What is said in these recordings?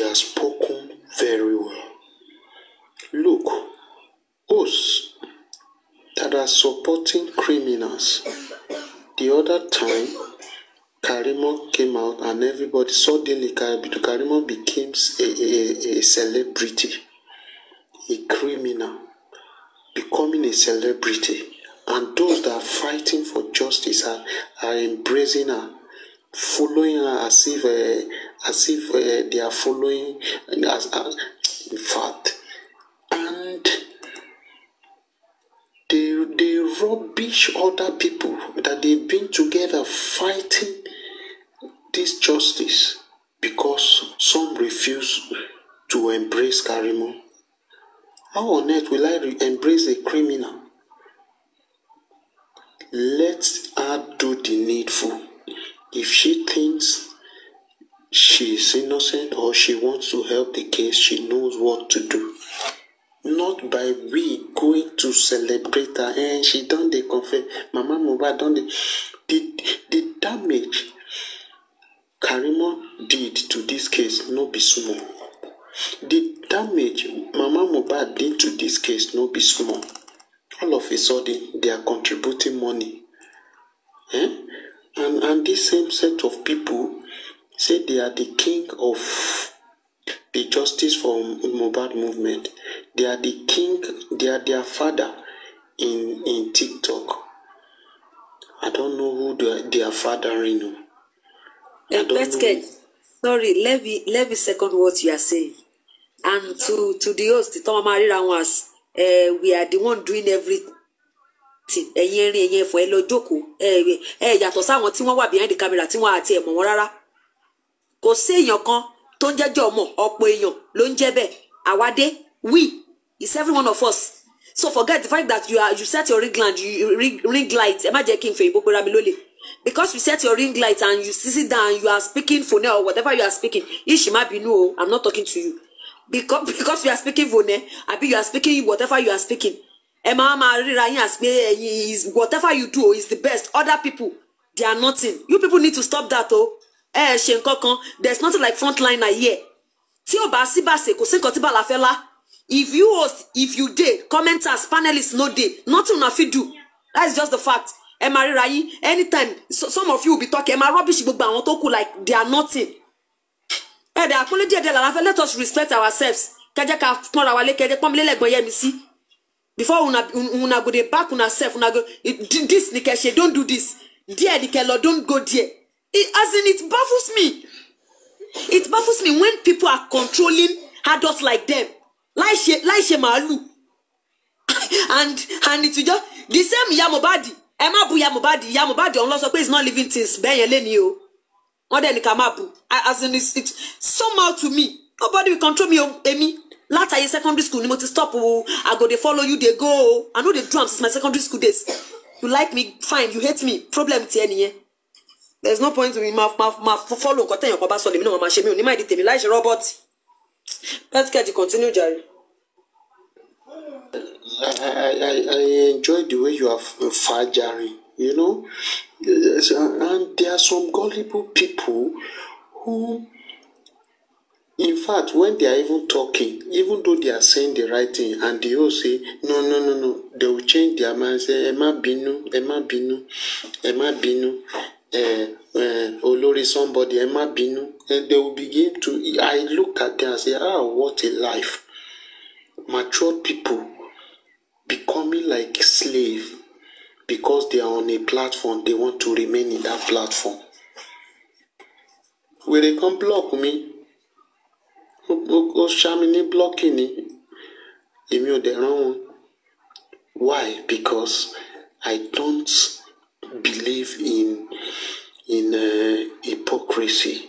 She has spoken very well. Look, hosts that are supporting criminals. The other time, Karimo came out and everybody suddenly Karimo became a, a, a celebrity, a criminal, becoming a celebrity. And those that are fighting for justice are, are embracing her, following her as if uh, as if uh, they are following as, as in fact and they they rubbish other people that they've been together fighting this justice because some refuse to embrace Karimo. How on earth will I embrace a criminal? Let her do the needful. If she thinks she is innocent or she wants to help the case, she knows what to do. Not by we going to celebrate her and eh, she done the confess. Mama Mohbad done the, the, the damage Karima did to this case no be small. The damage Mama Mohbad did to this case no be small. All of a sudden, they are contributing money. Eh? And, and this same set of people say they are the king of the justice for Mubad movement. They are the king, they are their father in, in TikTok. I don't know who their their father is. fathering. Uh, let's know. get, sorry, let me, let me second what you are saying. And to, to the host, Tom Marira was, uh, eh, we are the one doing everything. eh, ẹ̀rin ẹ̀yin ẹ̀fọn ẹ̀ lọ eh, eh, yàtọ̀ sáwọn tí wọ́n wà behind the camera tí wọ́n àti ẹ̀ mọ̀ wọ́n rárá kò sí èèyàn kan tó ń jẹ́jọ́ ọmọ ọ̀pọ̀ èèyàn ló ń jẹ́ bẹ́ẹ̀ àwádé we is every one of us so forget the fact that you are you set your ring light you, ring, ring light ẹ má jẹ́ kí n fèyìnbó pera mi lólè because you set your ring light and you sit down you are speaking for or whatever you are speaking ishi má bínú o i'm not talking to you because because you are speaking for now abi you are speaking whatever you are speaking ẹ máa máa ríra yín as pé is whatever you do is the best other people they are nothing you people need to stop that o. Oh ẹ ẹ ṣe nǹkan kan there is nothing like frontliner here tí ò bá sí bàṣẹ kò sí nǹkan tí bàlá fẹ́ lá if you host if you dey commenters panelists no dey nothing una fit do that is just the fact ẹ máa ríra yín anytime so, some of you will be talking ẹ máa rubbish gbogbo àwọn tó kù like they are nothing ẹ dẹ̀ àpọ́nlé díẹ̀ díẹ̀ làwọn afẹ́ let us respect ourselves kẹjẹ ká pọ́nra wa lé kẹjẹ pọ́nbílẹ̀ lẹ́gbọ̀n yẹmi sí before una una go dey back una self una go this ni kẹ ṣe don't do this díẹ̀ ni kẹ lọ don't go there it, as in it baffles me it baffles me when people are controlling adults like them láì ṣe láì and and it just the same Yamobadi, Mohbad ẹ má bu ìyá Mohbad ìyá Mohbad ọ̀hún lọ sọ pé it's not living things bẹ́ẹ̀ yẹn lẹ́ni o wọ́n dẹ̀ ní ká má bu as in it somehow to me nobody will control me o èmi látàyè secondary school ni mo ti stop o i go dey follow you dey go o i no dey do am since my secondary school days you like me fine you hate me problem ti nìyẹn there is no point in ma ma ma follow nǹkan tẹ̀yàn kan bá sọ lèmi náà máa ṣe mí ò ní má ìdí tèmi láì ṣe robot let's get it continue jare. I, I, I enjoy the way you are far jare you know and there are some gullible people who in fact when they are even talking even though they are saying the right thing and they all say no no no no they will change their mind say ẹ má bínú ẹ má bínú Uh, olórí somebody ẹ má bínú and they will begin to I look at them and say ah what a life mature people becoming like slaves because they are on a platform they want to remain in that platform Will they come block mi ó ṣá mi ní blocking ni èmi ò why because I don't believe in mercy.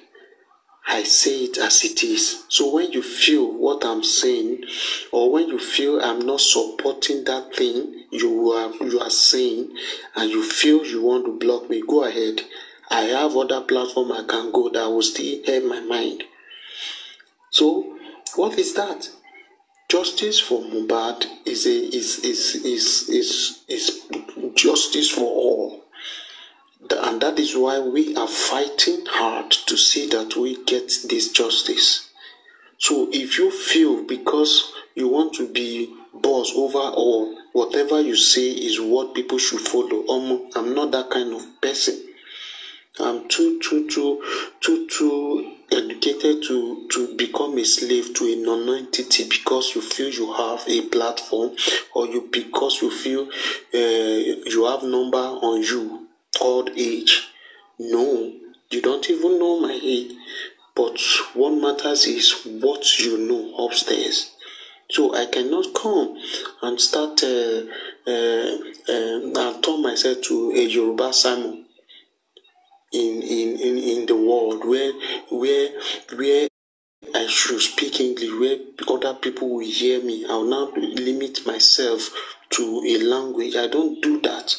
I say it as it is. So when you feel what I'm saying, or when you feel I'm not supporting that thing you are you are saying, and you feel you want to block me, go ahead. I have other platform I can go that will still help my mind. So what is that? Justice for Mubad is a is is is is, is justice for all and that is why we are fighting hard to see that we get this justice. So if you feel because you want to be boss over or whatever you say is what people should follow, um, I'm not that kind of person. I'm too, too, too, too, too educated to, to become a slave to a non-entity because you feel you have a platform or you because you feel uh, you have number on you old age. No, you don't even know my age. But what matters is what you know upstairs. So I cannot come and start uh, uh, uh, and turn myself to a Yoruba Simon in, in, in, in the world where where where I should speak English where other people will hear me. I'll not limit myself to a language. I don't do that.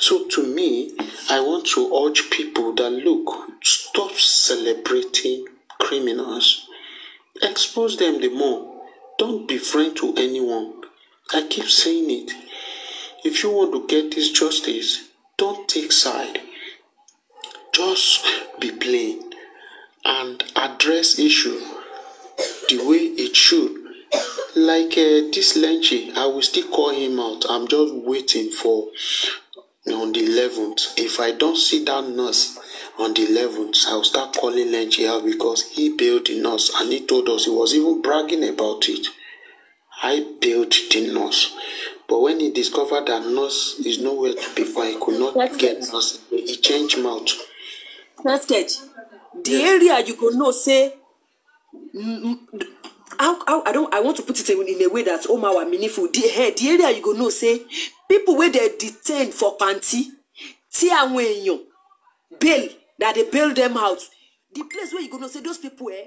So to me, I want to urge people that look, stop celebrating criminals. Expose them the more. Don't be friend to anyone. I keep saying it. If you want to get this justice, don't take side. Just be plain and address issue the way it should. Like uh, this Lenchi, I will still call him out. I'm just waiting for on the 11th. If I don't see that nurse on the 11th, will start calling NGL because he bailed the nurse and he told us he was even bragging about it. I bailed the nurse. But when he discovered that nurse is nowhere to be found, he could not That's get good. nurse. He changed mouth. That's good. The yes. area you could not say, mm, mm, how, how, I don't I want to put it in, a way that oh my meaningful. The, hey, eh, the area you go not say people wey dey detain for panti tí àwọn èèyàn bail na dey bail dem out the place wey you go know say those people eh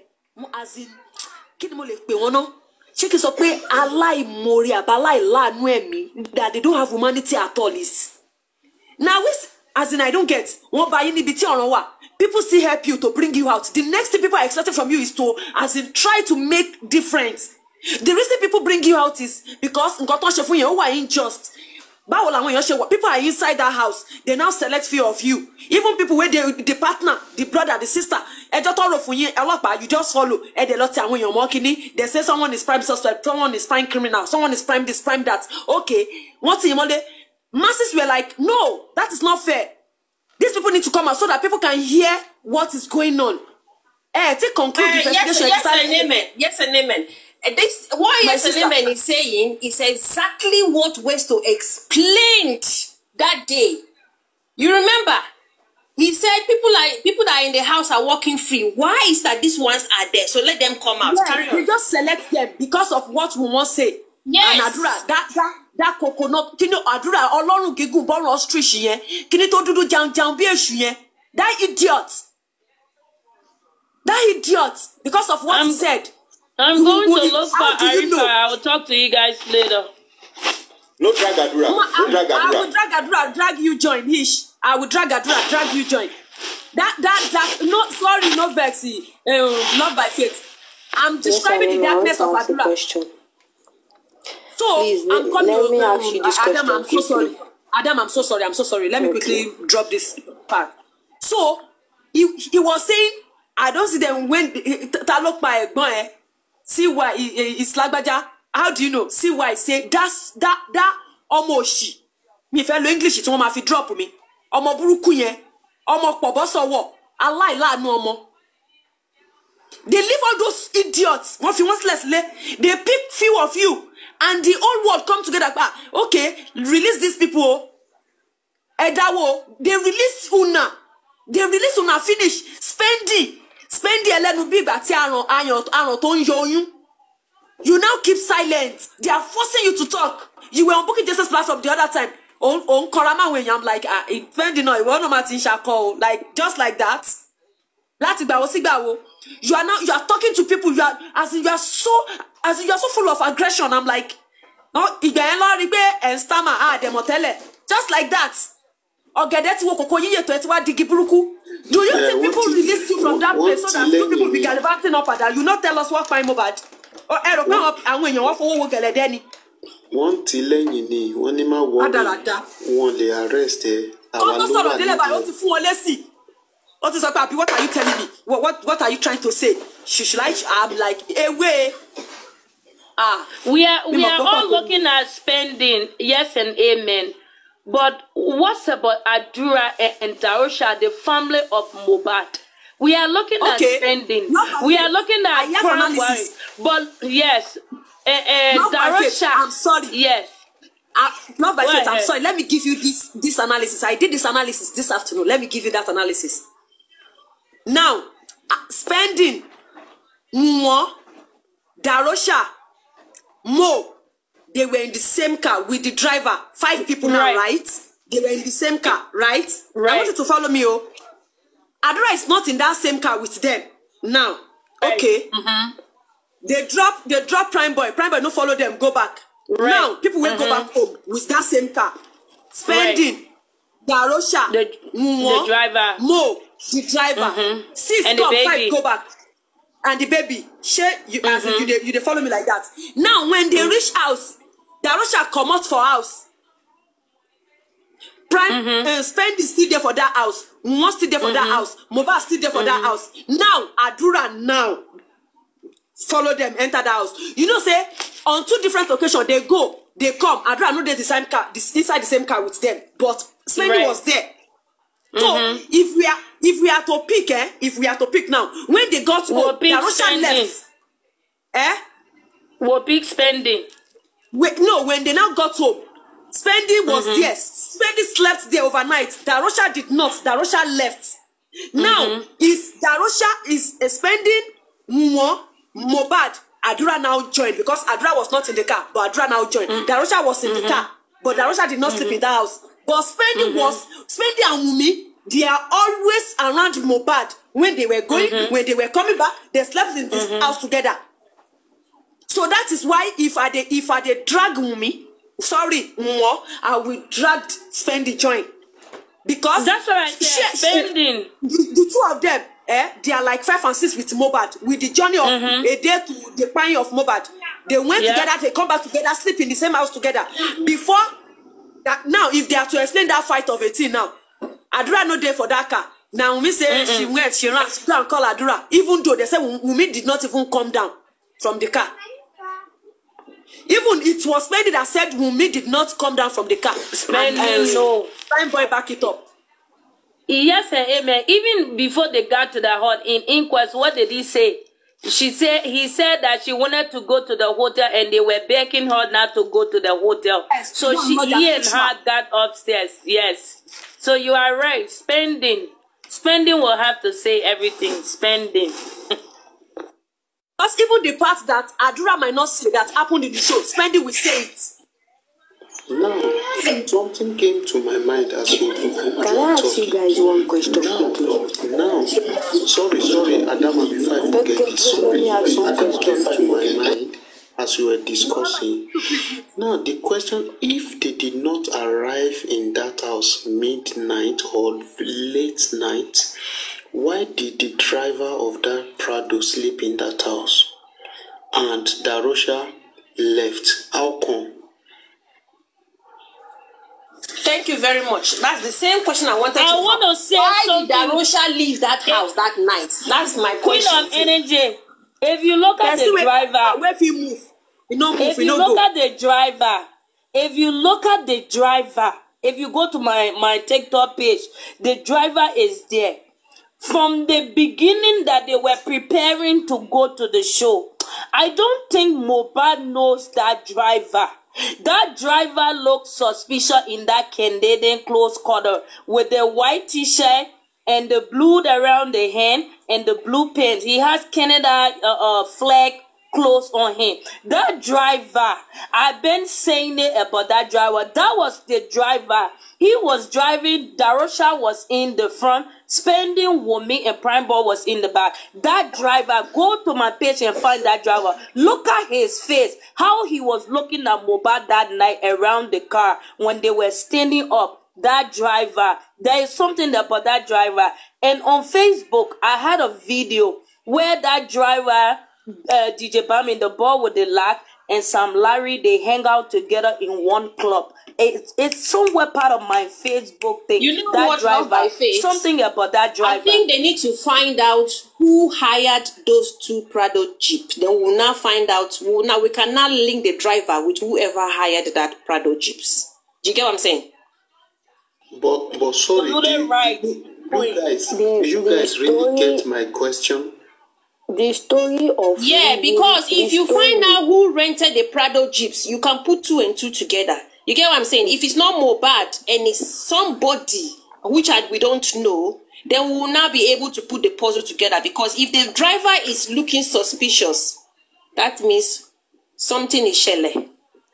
as in kí ni mo lè pè wọ́n náà ṣé kí n sọ pé aláìmoore àbáláìláàánú ẹ̀mí that they don't have humanity at all is na we as in i don't get wọ́n bá yín níbi tí ọ̀ràn wà people still help you to bring you out the next thing people are expecting from you is to as in try to make difference the reason people bring you out is because nǹkan tó ń ṣe fún yẹn ó wà unjust báwo làwọn èèyàn ṣe wọ people are inside that house they now select few of you even people wey dey the partner the brother the sister ẹjọ́ tọrọ fún yín ọlọ́pàá you just follow ẹ dẹ̀ lọ ti àwọn èèyàn mọ́ kínní they say someone is prime suspect someone is prime criminal someone is prime this prime that okay wọ́n ti yín mọ́lé masses were like no that is not fair these people need to come out so that people can hear what is going on ẹ ti conclude the uh, investigation. yes and amen yes and amen Eh, this what Yetunde is saying is exactly what Westo explained that day. You remember? He said people are people that are in the house are walking free. Why is that these ones are there? So let them come out. Yes, Carry on. You just select them because of what we want say. Yes. And àdúrà that that that coconut kí ni Adura Ọlọ́run gígùn bọ́rùn ostrich yẹn kí ni tó dúdú janjan that idiot that idiot because of what I'm, he said. I'm going to look for Arifa. I will talk to you guys later. No drag Adura. No, drag Adura. I will drag Adura, drag you join. Ish. I will drag Adura, drag you join. That, that, that, no, sorry, no vexy. Uh. Um, not by faith. I'm describing yes, the darkness of Adura. So, Please, I'm coming. Let me um, ask you this Adam, question. I'm so sorry. Adam, I'm so sorry. I'm so sorry. Let me quickly drop this part. So, he, he was saying, I don't see them when, ta ló pa ẹ̀gbọ́n See why CY is lágbájá how do you know See CY say that that that ọmọ òṣì mi fẹ́ lo English tí wọ́n máa fi drop mi ọmọ burúkú yẹn ọmọ pọ̀bọ́sọ̀wọ̀ aláìláàánú ọmọ they leave all those idiots wọ́n fi wọ́n sílẹ̀ sílẹ̀ they pick few of you and the whole world come together pa okay release these people o ẹ̀dáwó they release una they release una finish spending Spend spendi ẹlẹ́nu bí ìgbà tí aràn aràn tó ń yọ oyún you now keep silent they are forcing you to talk you were on Bukky Jese's platform the other time òun kọra máwọn èèyàn i'm like ah spendi náà ìwọ náà máa ti ń ṣakọ o like just like that láti gbàwo sí gbàwo you are now you are talking to people you are as in you are so as in you are so full of aggression i'm like ìgbà yẹn lọ rí pé ẹ̀ ń stammer àdèmọ̀tẹ́lẹ̀ just like that ọ̀gẹ̀dẹ̀ ti wo kòkó yíyẹ̀tọ̀ ẹ ti wá digi burúkú Do you yeah, think people release you from that place so that you people be gallivanting up at that you not tell us what Oh, find Mohbad? Ẹ̀rọ pé àwọn èèyàn wọ́n fowó wo gẹ̀lẹ́dẹ́ ni. Wọ́n ti lẹ́yìn ni wọ́n ní má wọ́n ní wọ́n lè arrest ẹ. Eh, Kọ́ tó sọ̀rọ̀ délẹ̀ báyìí ó ti fún wọn lésì. Ó ti sọ pé àbí what are you telling me? What, what, what are you trying to say? She should like am like ewé. Ah, we are we are all looking at spending yes and amen. But what's about Adura and Darusha, the family of Mobat? We are looking okay. at spending. We are looking at crime But yes, uh, uh, Darusha. I'm sorry. Yes. Uh, not by faith. I'm sorry. Let me give you this this analysis. I did this analysis this afternoon. Let me give you that analysis. Now, ah, spending, more. Darosha, more they were in the same car with the driver five people now right, they were in the same car right? right i want you to follow me oh. Adora is not in that same car with them now right. okay mm-hmm. they drop they drop prime boy prime boy no follow them go back right. now people will mm-hmm. go back home with that same car spending right. darosha the, the driver mo the driver mm-hmm. six and come five go back and the baby shey you mm-hmm. as you dey you dey follow me like that now when they mm reach house darusha out for house prime mm -hmm. uh, spend is still there for that house nwa still there for mm -hmm. that mm-hmm. house mohbad still there for mm -hmm. that mm-hmm. house now adura now follow them enter that house you know say on two different locations they go they come adura no dey the same car this, inside the same car with them but spending right. was there so mm -hmm. if we are if we are to pick eh if we are to pick now when they got to home darusha left eh. we big spending we, no when they now got home Spendi was mm-hmm. there Spendi slept there overnight Darosha did not Darosha left now mm-hmm. is Darosha is spending more Mohbad Adura now joined because Adura was not in the car but Adura now joined mm-hmm. Darosha was in mm-hmm. the car but Darosha did not mm-hmm. sleep in that house but Spendi mm-hmm. was Spendi and Wunmi they are always around Mohbad when they were going mm-hmm. when they were coming back they slept in this mm-hmm. house together so that is why if i dey if i dey drag wunmi sorry nwọ i will drag spending join because that's why i say spending the, the two of them eh they are like five and six with Mohbad with the journey of mm-hmm. a day to the pine of Mohbad they went yeah. together they come back together sleep in the same house together before that now if they are to explain that fight of eighteen now Adura no dey for that car na Wunmi say mm-hmm. she went she ran she go and call Adura even though they say Wunmi did not even come down from the car even it was Spendi that said Wunmi did not come down from the car. Spendi, uh, um, no. Fine boy, back it up. Yes and amen. Even before they got to the hall in inquest, what did he say? She said he said that she wanted to go to the hotel and they were begging her not to go to the hotel. Yes, so she he and her got upstairs. Yes. So you are right. Spending. Spending will have to say everything. Spending. Because even the part that Adura might not see that happened in the show, Spendy will say it. Now, something came to my mind as we were talking. Can I ask you guys one question now, quickly? Now, sorry, sorry, Adama, before I forget, sorry, it came to my mind as we were discussing. Now, the question if they did not arrive in that house midnight or late night, Why did the driver of that Prado sleep in that house? And Darosha left. How come? Thank you very much. That's the same question I wanted I to I want to say Why something. did Darosha leave that house that night? That's my question. Queen of energy. If you look at the driver. Where if no move. You no go. If you, look at the driver. If you look at the driver. If you go to my, my TikTok page. The driver is there. from the beginning that they were preparing to go to the show. I don't think Mobad knows that driver. That driver looked suspicious in that Canadian close quarter with the white t-shirt and the blue around the hand and the blue pants. He has Canada uh, uh, flag Close on him. That driver, I've been saying it about that driver. That was the driver. He was driving. Darosha was in the front. Spending Wumi and Prime Ball was in the back. That driver, go to my page and find that driver. Look at his face. How he was looking at Mobile that night around the car when they were standing up that driver. There is something about that driver. And on Facebook, I had a video where that driver uh, DJ Bam in the ball with the lack and Sam Larry, they hang out together in one club. It's it's somewhere part of my Facebook thing. You know that what driver, by face? Something about that driver. I think they need to find out who hired those two Prado Jeep. Then we'll now find out. We'll now we cannot link the driver with whoever hired that Prado Jeeps. Do you get what I'm saying? But but sorry, you, right. guys, you guys really get my question? the story of yeah because if you story. find out who rented the prado jeeps you can put two and two together you get what i'm saying if it's not Mohbad and it's somebody which I, we don't know then we will now be able to put the puzzle together because if the driver is looking suspicious that means something is ṣẹlẹ̀.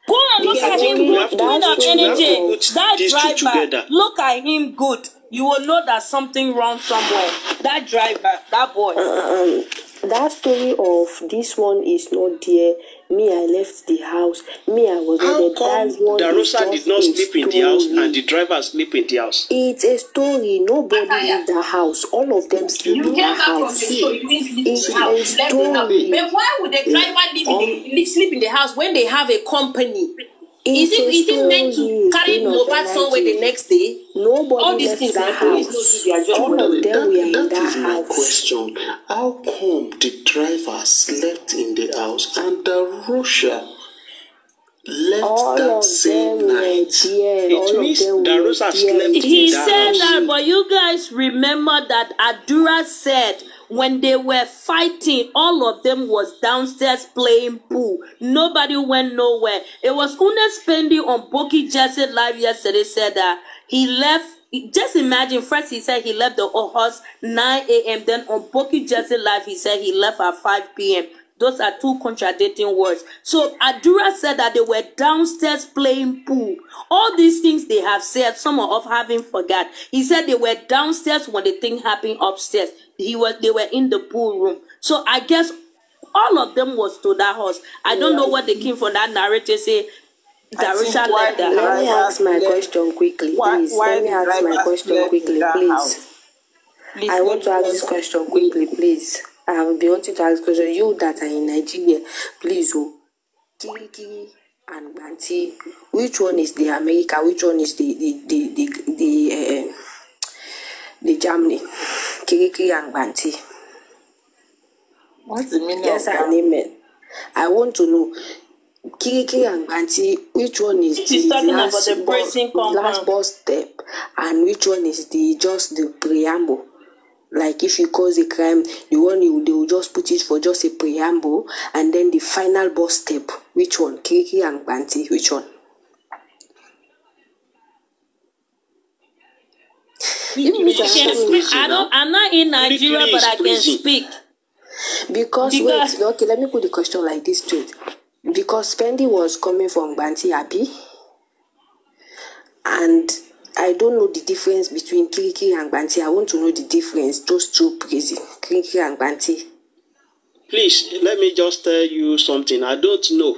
go and look at him good win of energy that driver look at him good you will know that something wrong somewhere that driver that boy. Uh, um, that story of this one is not there me i left the house me i was How not there that one the is just did not sleep story. in the house and the driver sleep in the house. it's a story nobody leave the house all of them sleep in the house it's a story. but why would eh, the driver leave? in sleep in the house when they have a company is it is it meant to carry Mohbad somewhere the next day? Nobody All these things that police don't do their job. All of them were in that, that is my question. How come the driver slept in the house and the Russia left all that same night? It means Darusha Russia slept in the house. He said that, but you guys remember that Adura said when they were fighting, all of them was downstairs playing pool. Nobody went nowhere. It was Una Spendi on Boki Jesse Live yesterday said that he left just imagine first he said he left the horse 9 a.m then on Boki Jesse Live he said he left at 5 p.m those are two contradicting words. So Adura said that they were downstairs playing pool. All these things they have said, some of having forgot. He said they were downstairs when the thing happened upstairs. He was they were in the pool room. So I guess all of them was to that house. I don't know what they came from that narrative say Darusha left Let me ask my question quickly, please. Let me ask my question quickly, please. I want to ask this question quickly, please. I will be wanting to ask question you that are in Nigeria please oh, Kiki and Banti, which one is the America which one is the the the the the, uh, the Germany Kiki and Banti. What's the meaning yes, of that? Yes, and amen. I want to know Kiki and Banti, which one is She's the, last, about the bo- last boss step, and which one is the just the preamble? like if you cause a crime the one you they will just put it for just a preamble and then the final boss step which one Kiki and Banti? which one English, English, I don't, I'm not in Nigeria, English, but I can speak. Because, because wait, okay, let me put the question like this straight. Because Fendi was coming from Banti Abi, and I don't know the difference between Kirikiri and Banti. I want to know the difference, those two prisons, Kirikiri and Banti. Please, let me just tell you something. I don't know.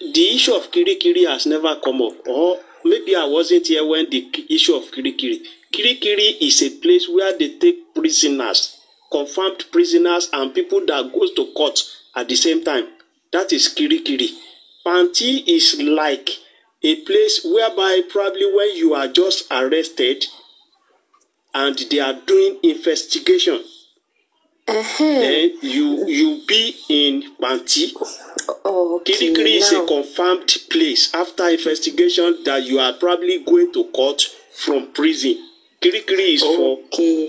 The issue of Kirikiri has never come up. Or maybe I wasn't here when the issue of Kirikiri. Kirikiri is a place where they take prisoners, confirmed prisoners, and people that goes to court at the same time. That is Kirikiri. Panti is like a place whereby probably when you are just arrested and they are doing investigation uh-huh. then you you be in panti okay, kirikiri is a confirmed place after investigation that you are probably going to court from prison kirikiri is okay.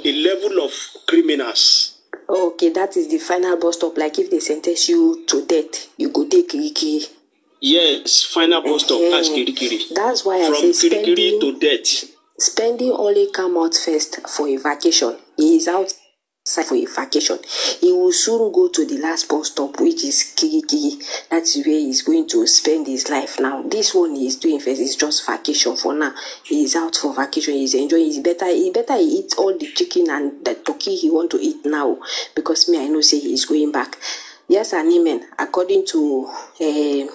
for a level of criminals. okay that is the final bus stop like if they sen ten ce you to death you go dey kirikiri yes final bus stop mm -hmm. at kirikiri that's why from I say kirikiri to death. spending only come out first for a vacation he is out for a vacation he will soon go to the last bus stop which is kirikiri that is where he is going to spend his life now this one he is doing first is just vacation for now he is out for vacation he is enjoying he better he better he eat all the chicken and the turkey he want to eat now because me i know say he is going back yes and amen according to. Uh,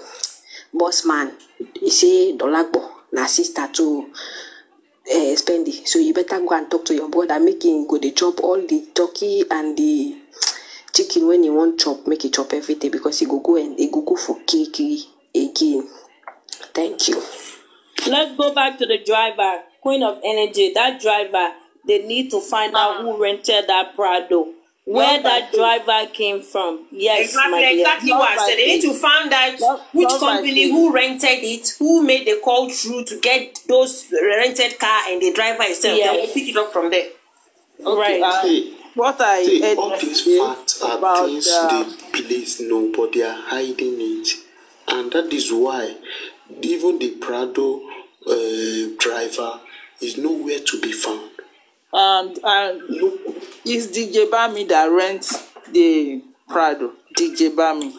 boss man he say dolagbo na sister to uh, eh, spending so you better go and talk to your brother make him go dey chop all the turkey and the chicken when he wan chop make he chop everything because he go go and he go go for kiri again thank you. let's go back to the driver queen of energy that driver they need to find uh -huh. out ah. who rented that prado. where that driver came from. Yes, exactly, exactly what I said. They need to find out not, which not company, who rented it, who made the call through to get those rented car and the driver itself. Yes. They will pick it up from there. Okay. Right. Uh, what I see, heard all facts are things the police know, but they uh, are hiding it, and that is why even the Prado uh, driver is nowhere to be found. and and uh, is dj bami that rents the prado dj bami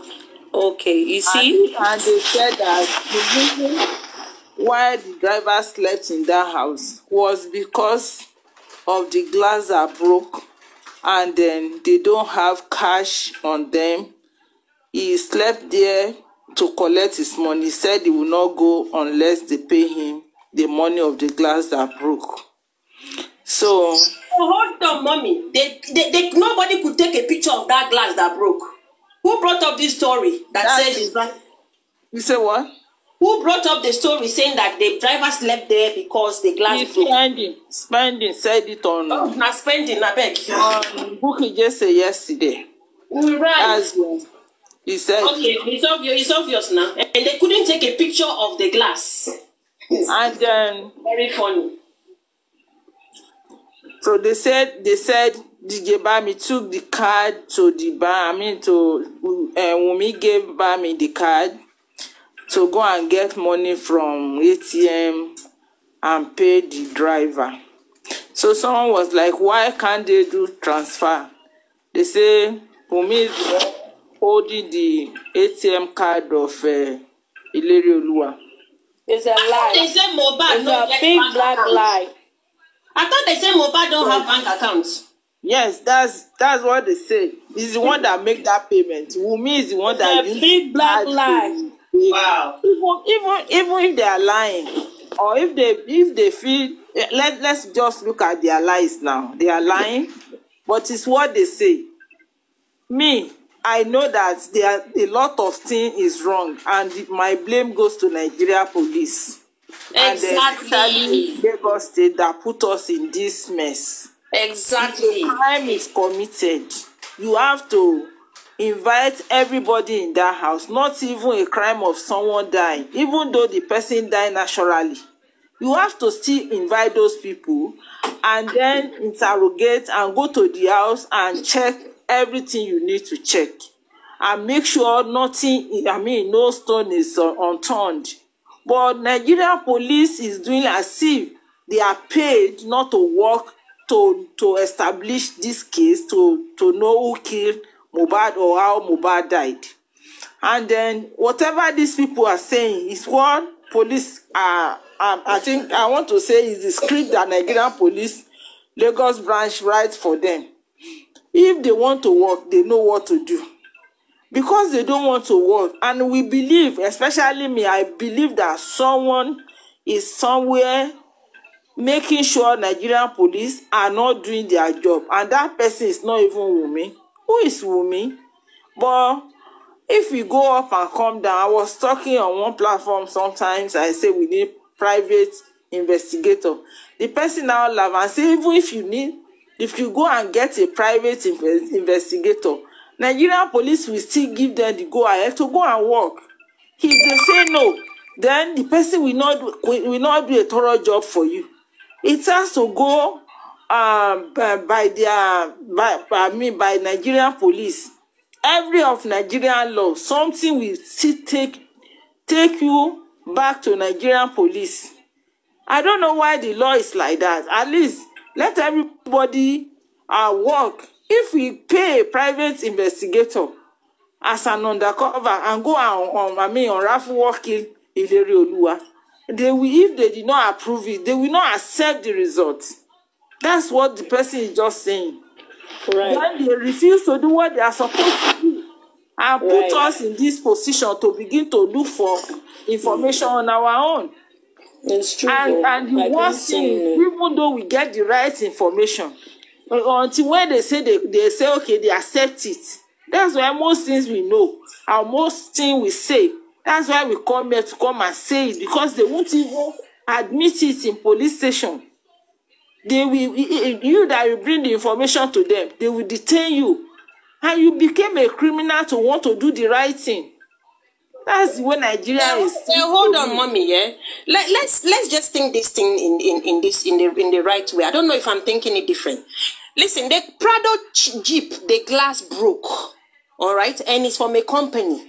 okay you see and, and they said that the reason why the driver slept in that house was because of the glass that broke and then they don't have cash on them he slept there to collect his money he said he will not go unless they pay him the money of the glass that broke So. So oh, hold on, mommy. They, they, they, nobody could take a picture of that glass that broke. Who brought up this story that That's, says that? You say what? Who brought up the story saying that the driver slept there because the glass He's broke? Spending, spending said it on. Oh, now spending, I beg. Um, who could just say yesterday? Right. As well. He said. Okay, it's obvious. It's obvious now, and they couldn't take a picture of the glass. and then. Very funny. So they said they said DJ Bami took the card to the bar. I mean to uh, eh, Wumi gave Bami the card to go and get money from ATM and pay the driver. So someone was like, why can't they do transfer? They say Wumi is holding the ATM card of uh, eh, Ilerioluwa. It's a lie. They say Mohbad. It's a big black lie. I thought they said Mohbad don't have bank account. Yes, that's that's what they say. He's the one that make that payment. Wumi is the one that the big black lie. Wow. Even even even if they are lying, or if they if they feel eh, let let's just look at their lies now. They are lying, but it's what they say. Me, I know that there a lot of thing is wrong, and my blame goes to Nigeria police. Exactly. And the Lagos State that put us in this mess. Exactly. If a crime is committed, you have to invite everybody in that house, not even a crime of someone dying, even though the person died naturally. You have to still invite those people and then interrogate and go to the house and check everything you need to check and make sure nothing, I mean, no stone is unturned. But Nigerian police is doing as if they are paid not to work to to establish this case to to know who killed Mohbad or how Mohbad died. And then whatever these people are saying is what police are. Um, I think I want to say is the script that Nigerian police Lagos branch writes for them. If they want to work, they know what to do because they don't want to work and we believe especially me i believe that someone is somewhere making sure nigerian police are not doing their job and that person is not even Wunmi who is Wunmi but if we go up and come down i was talking on one platform sometimes i say we need private investigator the person now laugh and say even if you need if you go and get a private inv investigator Nigerian police will still give them the go ahead to go and work. If they say no, then the person will not do, will not do a thorough job for you. It has to go um, by, by their by, by I by Nigerian police. Every of Nigerian law, something will still take take you back to Nigerian police. I don't know why the law is like that. At least let everybody uh, work if we pay a private investigator as an undercover and go and um, I mean on unravel work in Ileri Oluwa, they will if they did not approve it, they will not accept the result. That's what the person is just saying. Right. When they refuse to do what they are supposed to do and right. put us in this position to begin to look for information on our own. It's true. And, and the worst thing, eh. even though we get the right information, until when they say they, they say okay they accept it that's why most things we know and most thing we say that's why we come here to come and say it because they won't even admit it in police station they will you that will bring the information to them they will detain you and you became a criminal to want to do the right thing that's the way nigeria yeah, is yeah, hold on mommy yeah Let, let's let's just think this thing in in, in this in the in the right way i don't know if i'm thinking it different Listen, the Prado Jeep, the glass broke. All right. And it's from a company.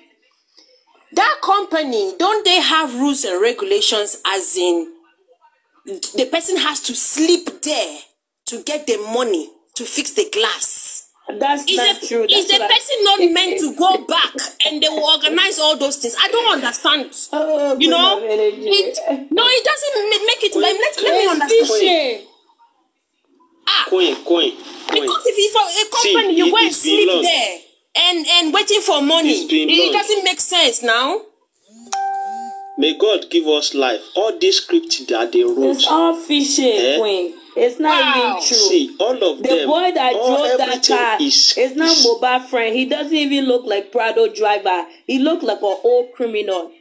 That company, don't they have rules and regulations as in the person has to sleep there to get the money to fix the glass? That's, is the, true. That's is the person I... not meant to go back and they will organize all those things? I don't understand. Oh, you know, it, no, it doesn't make it. Let, let, let me understand. Ah. Coin, coin, coin. Because if it's for, a company, See, you it, go and sleep long. there and and waiting for money. It long. doesn't make sense now. May God give us life. All this script that they wrote. It's all fishy, eh? Queen. It's not wow. even true. See, all of the them. The boy that drove that car is, is not mobile friend. He doesn't even look like Prado driver. He looked like an old criminal.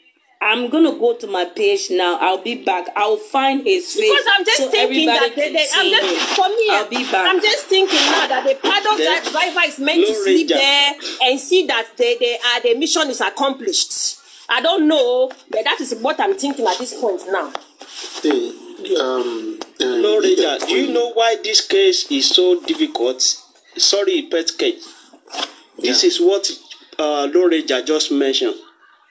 I'm gonna go to my page now. I'll be back. I'll find his face. Because I'm just so thinking that they, they I'm just for me. I'll be back. I'm just thinking now that the part of that driver is meant Blue to sleep there and see that they, they are uh, the mission is accomplished. I don't know, but that is what I'm thinking at this point now. The, um, um, no, Ranger, do you know why this case is so difficult? Sorry, pet case. This yeah. is what uh, Loreja just mentioned.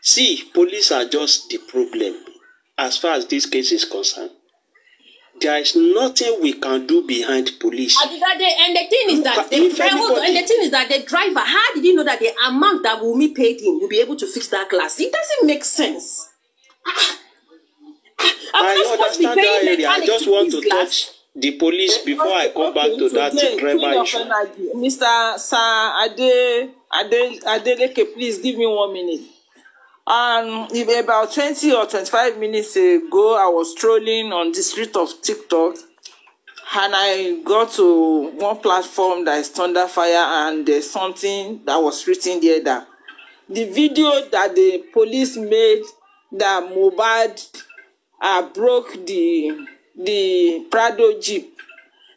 See, police are just the problem as far as this case is concerned. There is nothing we can do behind police. And, and the thing is that the driver, and the thing is that the driver, how did he know that the amount that Wumi paid him will be able to fix that glass? It doesn't make sense. I'm I not supposed to be paying area. I just want to touch the police before I come okay, back to that driver issue. Mr. Sir Ade, Ade, Adeleke, please give me one minute and about twenty or twenty-five minutes ago i was strolling on the street of tiktok and i got to one platform that is fire, and there's something that was written there that the video that the police made that mohbad uh, broke the the prado jeep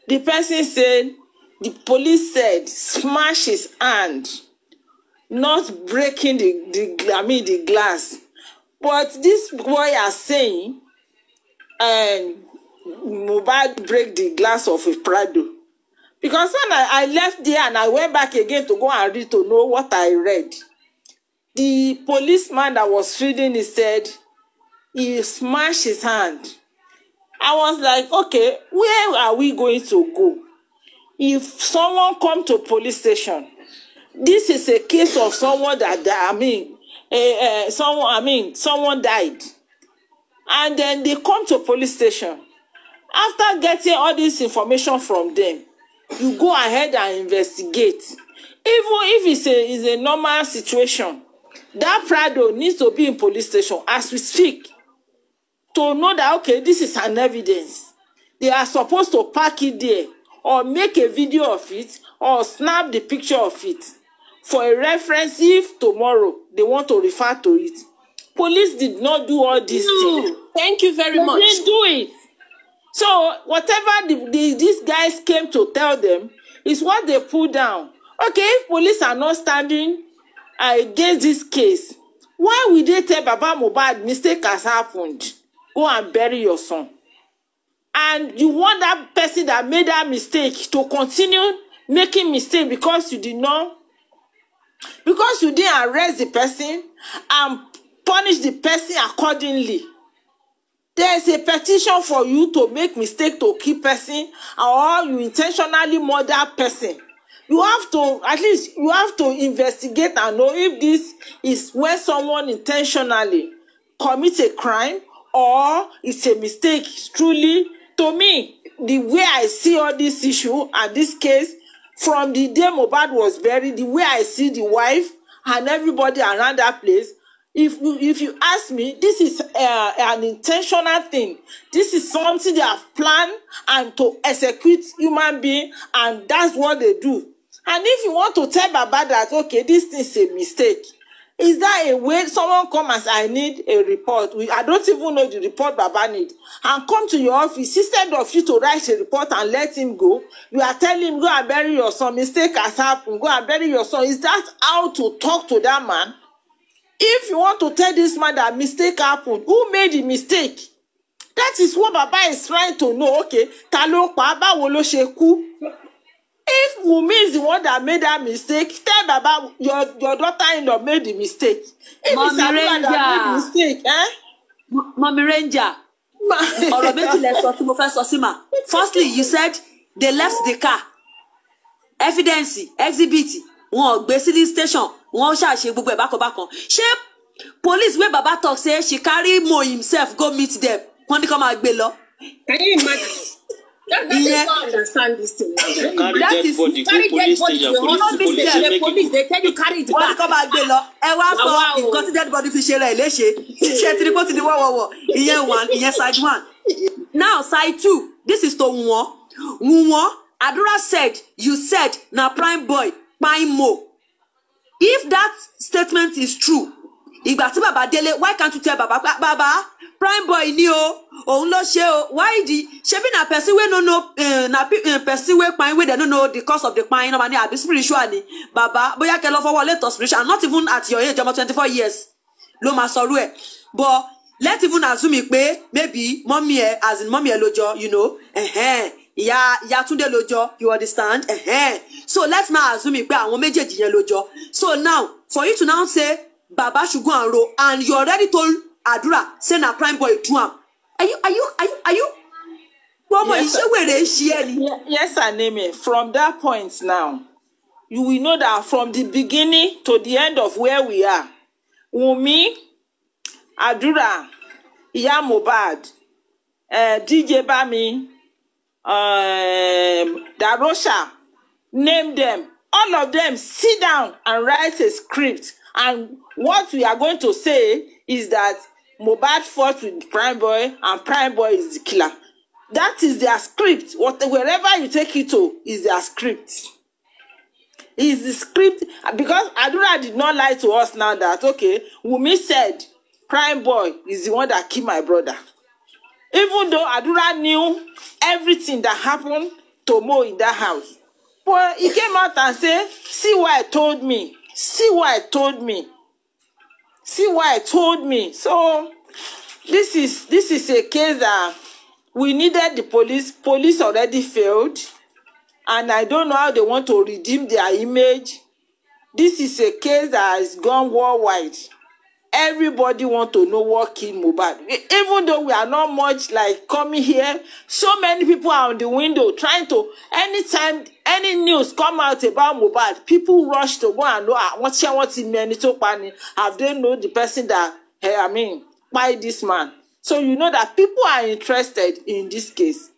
the person said the police said smash his hand not breaking the, the I mean the glass. But this boy are saying and Mohbad break the glass of a Prado. Because when I, I left there and I went back again to go and read to know what I read, the policeman that was reading he said he smashed his hand. I was like, okay, where are we going to go? If someone come to police station this is a case of someone that die, I mean, a, uh, eh, eh, someone I mean someone died, and then they come to police station. After getting all this information from them, you go ahead and investigate. Even if it's a it's a normal situation, that Prado needs to be in police station as we speak to know that okay this is an evidence. They are supposed to park it there or make a video of it or snap the picture of it for a reference if tomorrow they want to refer to it. Police did not do all these no. things. Thank you very they much. They didn't do it. So whatever the, the, these guys came to tell them is what they put down. Okay, if police are not standing against this case, why would they tell Baba Mohbad mistake has happened? Go and bury your son. And you want that person that made that mistake to continue making mistake because you did not because you didn't arrest the person and punish the person accordingly there is a petition for you to make mistake to kill person or you intentionally murder person you have to at least you have to investigate and know if this is where someone intentionally commits a crime or it's a mistake truly to me the way i see all this issue and this case from the day Mohbad was buried the way I see the wife and everybody around that place if you if you ask me this is uh, an intentional thing this is something they have planned and to execute human being and that's what they do and if you want to tell baba that okay this thing is a mistake is that a way someone come as i need a report we i don't even know the report baba need and come to your office instead of you to write a report and let him go you are telling him go and bury your son mistake has happened go and bury your son is that how to talk to that man if you want to tell this man that mistake happened who made the mistake that is what baba is trying to know okay talo ló pa báwo ló ṣe kú if Wunmi is the one that made that mistake tell baba your your daughter-in-law made the mistake if Mommy it's Aduba that made mistake eh. Mommy Ranger ọ̀rọ̀ méjì lẹ sọ tí mo fẹ́ sọ sí ma firstly you said they left the car evidence exhibit wọn ò gbé sílí station wọn ṣàṣe gbogbo ẹ̀ bákanbákan ṣé police wey baba talk say she carry mo himself go meet them wọn ní kó máa gbé lọ. ẹyin ìmọ̀ That, that yeah. is not understand this thing. carry that dead body go police station police be there. make police dey tell you carry it back. wọ́n ní kó máa gbé lọ ẹ wá sọ nǹkan tí dead body fi ṣe rẹ̀ léṣe ṣe ti ní kó ti di ìyẹn one ìyẹn side one now side two this is to wọ́n wọ́n Adura said you said na prime boy prime mo if that statement is true ìgbà tí baba délé why can't you tell baba baba prime boy ni o òun ló ṣe o why di ṣebi na person wey no know uh, eh, na uh, eh, person wey kpain wey dem no know the cause of the pain normal ni abi spiritual ni baba bóyá kẹ lọ fọwọ́ later spiritual and not even at your age ọmọ twenty four years ló máa sọrú ẹ but let even assume pé maybe mọ́mí ẹ as in mọ́mí ẹ lójọ you know ẹ̀hẹ́n ìyá ìyá túndé lójọ you understand ẹ̀hẹ́n so let's now assume pé àwọn méjèèjì yẹn lójọ so now for you to now say baba ṣùgbọ́n àrò and you already told àdúrà say na prime boy do am Are you? Are you? Are you? ṣé wèrè ń ṣe ẹ ni. yes aneme from that point now you will know that from the beginning to the end of where we are Wunmi àdúrà ìyá Mohbad uh, eh, DJ Bami um, Darosha name them all of them sit down and write a script and what we are going to say is that Mohbad fought with Prime Boy, and Prime Boy is the killer. That is their script. What, wherever you take it to is their script. Is the script because Adura did not lie to us now that okay, Wumi said Prime Boy is the one that killed my brother. Even though Adura knew everything that happened to Mo in that house. But he came out and said, see what I told me. See what I told me. See why I told me. So this is this is a case that we needed the police. Police already failed, and I don't know how they want to redeem their image. This is a case that has gone worldwide. Everybody want to know what killed Mohbad. E, even though we are not much like coming here, so many people are on the window trying to anytime any news come out about Mohbad people rush to go and know àwọn ah, tí wọ́n ti mọ ẹni tó pa ni have they know the person that hey, eh, I mean kpai this man so you know that people are interested in this case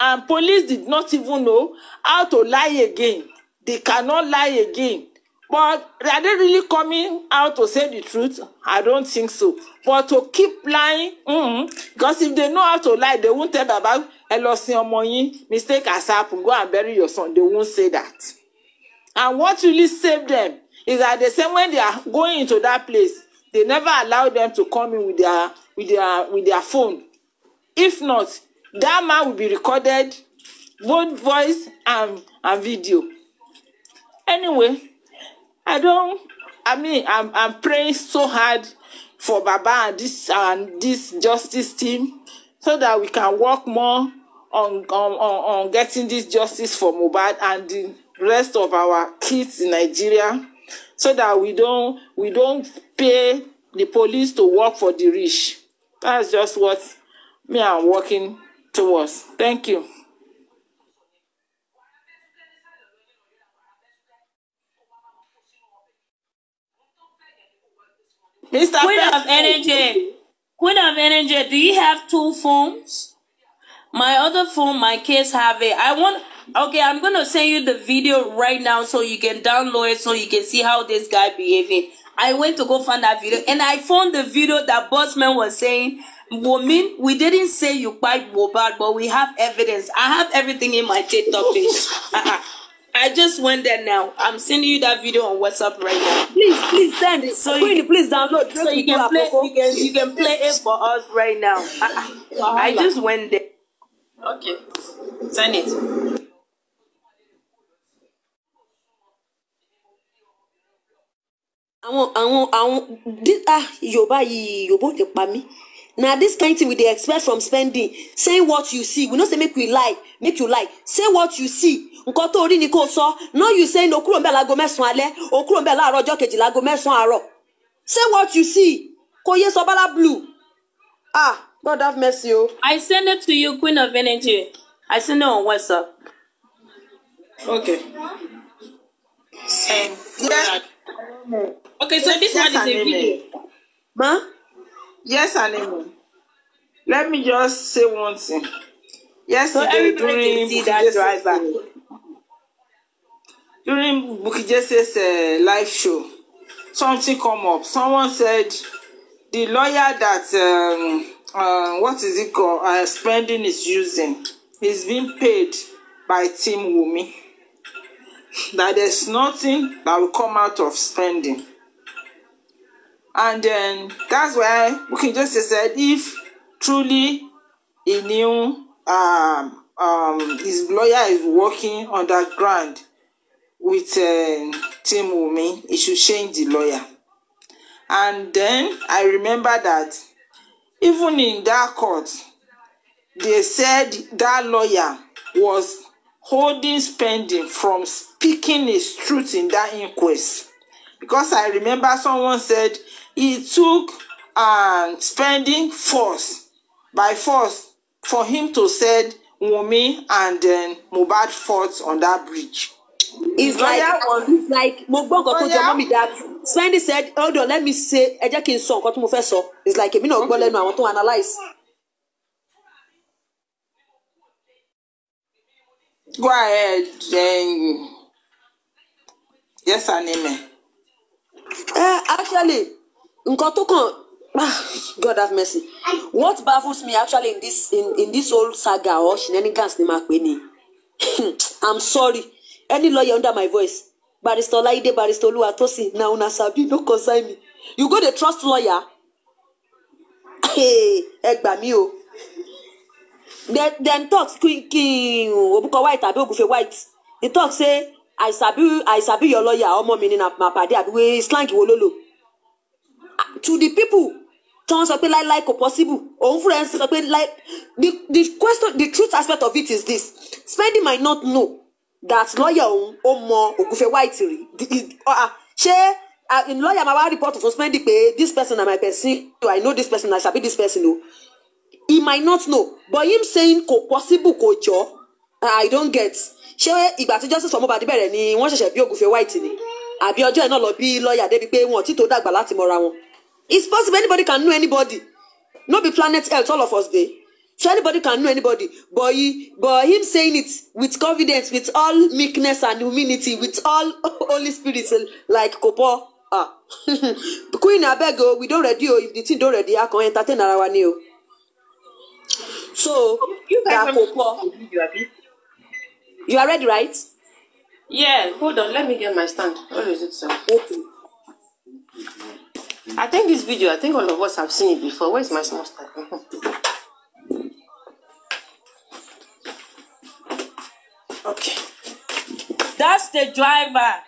and police did not even know how to lie again they cannot lie again but are they really coming out to say the truth? I don't think so. But to keep lying, mm-hmm, because if they know how to lie, they won't tell Baba ẹ lọ sin ọmọ yín mistake has happened go and bury your son they won't say that and what really save them is that the same when they are going into that place they never allow them to come in with their with their with their phone if not that man will be recorded both voice and and video anyway i don i mean i'm i'm praying so hard for baba and this and this justice team so that we can work more on, on, on, on getting this justice for Mohbad and the rest of our kids in Nigeria so that we don't we don't pay the police to work for the rich. That's just what me I'm working towards. Thank you. Mr. Queen of Energy, Queen of Energy, do you have two phones? My other phone, my kids have it. I want okay i'm gonna send you the video right now so you can download it so you can see how this guy behaving i went to go find that video and i found the video that bossman was saying woman we didn't say you quite bad, but we have evidence i have everything in my tiktok page uh -uh. i just went there now i'm sending you that video on whatsapp right now please please send it so you, please download so you can play you can, you can play it for us right now uh-uh. i just went there Okay, send it. àwọn àwọn àwọn ah yorùbá yìí yorùbá ò lè pa mí na this kind thing we dey expect from spending say what you see we no say make we lie make you lie say what you see nǹkan tó rí ni kò sọ no you say no kúrò ń bẹ̀ láago mẹ́sàn-án alẹ́ o kúrò ń bẹ̀ láàárọ̀ kejì láago mẹ́sàn-án àárọ̀ say what you see kò yé sọ bala blue ah God have mercy oh. I send it to you, Queen of Energy. I send it on WhatsApp. Okay. Send. Yeah. Okay, so yes, this yes, one is a video. Ma? Yes, Anemo. Let me just say one thing. Yes, so that Bukijese's uh, during Bukijese's uh, live show, something come up. Someone said the lawyer that um, Uh, what is it called uh, spending is using He's being paid by Team Wumi. That there's nothing that will come out of spending. And then that's why we can Bukinjo said if truly he knew um, um, his lawyer is working underground with uh, Team Wumi, he should change the lawyer. And then I remember that even in that court they said that lawyer was holding spending from speaking his truth in that inquest because i remember someone said he took um, spending force by force for him to said Wunmi and then Mohbad fought on that bridge is like is like mo gbọ́ nǹkan tó jẹ mọ́ mi dá Sunday said hold on let me say ẹ jẹ́ kí n sọ nǹkan tí mo fẹ́ sọ is like èmi náà gbọ́ lẹ́nu àwọn tó analyse. go ahead um, yes anime. ẹ uh, eh, actually nǹkan tó kàn ah, God have mercy what baffles me actually in this in, in this whole saga or shenanigans ni ma pe ni I'm sorry any lawyer under my voice barrister olaide barrister oluwatosin na una sabi no concern me you go dey trust lawyer ẹ gbà mí o dem talk kin obuko white àbí ogunfe white e talk say i sabi i sabi your lawyer ọmọ mi ni na ma pàdé àbí wey slang wo ló to the people tí wọ́n sọ pé láíláí kò possible òun fúnra ẹ̀ sọ pé láí the the question the truth aspect of it is this spending might not know that lọ́ọ̀yà òun ó mọ Ògúnfẹ́ White rí uh, uh, ṣé uh, lọ́ọ̀yà máa wá report fún Spendy pé this person na my person I know this person I sabi this person o he might not know but him saying kò possible kò jọ I don't get ṣé ìgbà tí justice for Mohbad bẹ̀rẹ̀ ni wọ́n ṣẹ̀ṣẹ̀ bí Ògúnfẹ́ White ni àbí ọjọ́ ẹ̀ náà lọ bí lọ́ọ̀yà débi pé wọn ò tí tó dàgbà láti mọ̀ra wọn it's possible anybody can know anybody no be planet earth all of us dey So anybody can know anybody. But he, but him saying it with confidence, with all meekness and humility, with all Holy Spirit, like Kopo. Ah. Queen abeg o, we don ready oh, If the thing don ready, I can entertain our new. ni oh. So you are Kopo. You are ready, right? Yeah, hold on. Let me get my stand. What is it, sir? Okay. I think this video, I think all of us have seen it before. Where's my small stand? the driver.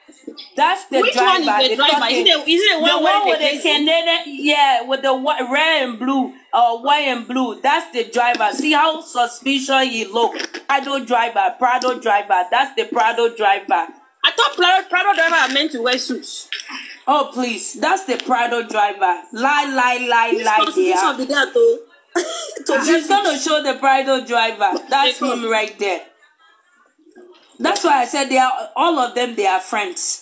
That's the Which driver. Which one is the, the driver? is, it, is it one the one with the Canadian? Yeah, with the red and blue, uh, white and blue. That's the driver. See how suspicious he look. Prado driver, Prado driver. That's the Prado driver. I thought Prado, Prado driver are meant to wear suits. Oh please, that's the Prado driver. Lie, lie, lie, He's lie. There. Of gonna show the Prado driver. That's him right there. That's why I said they are all of them. They are friends.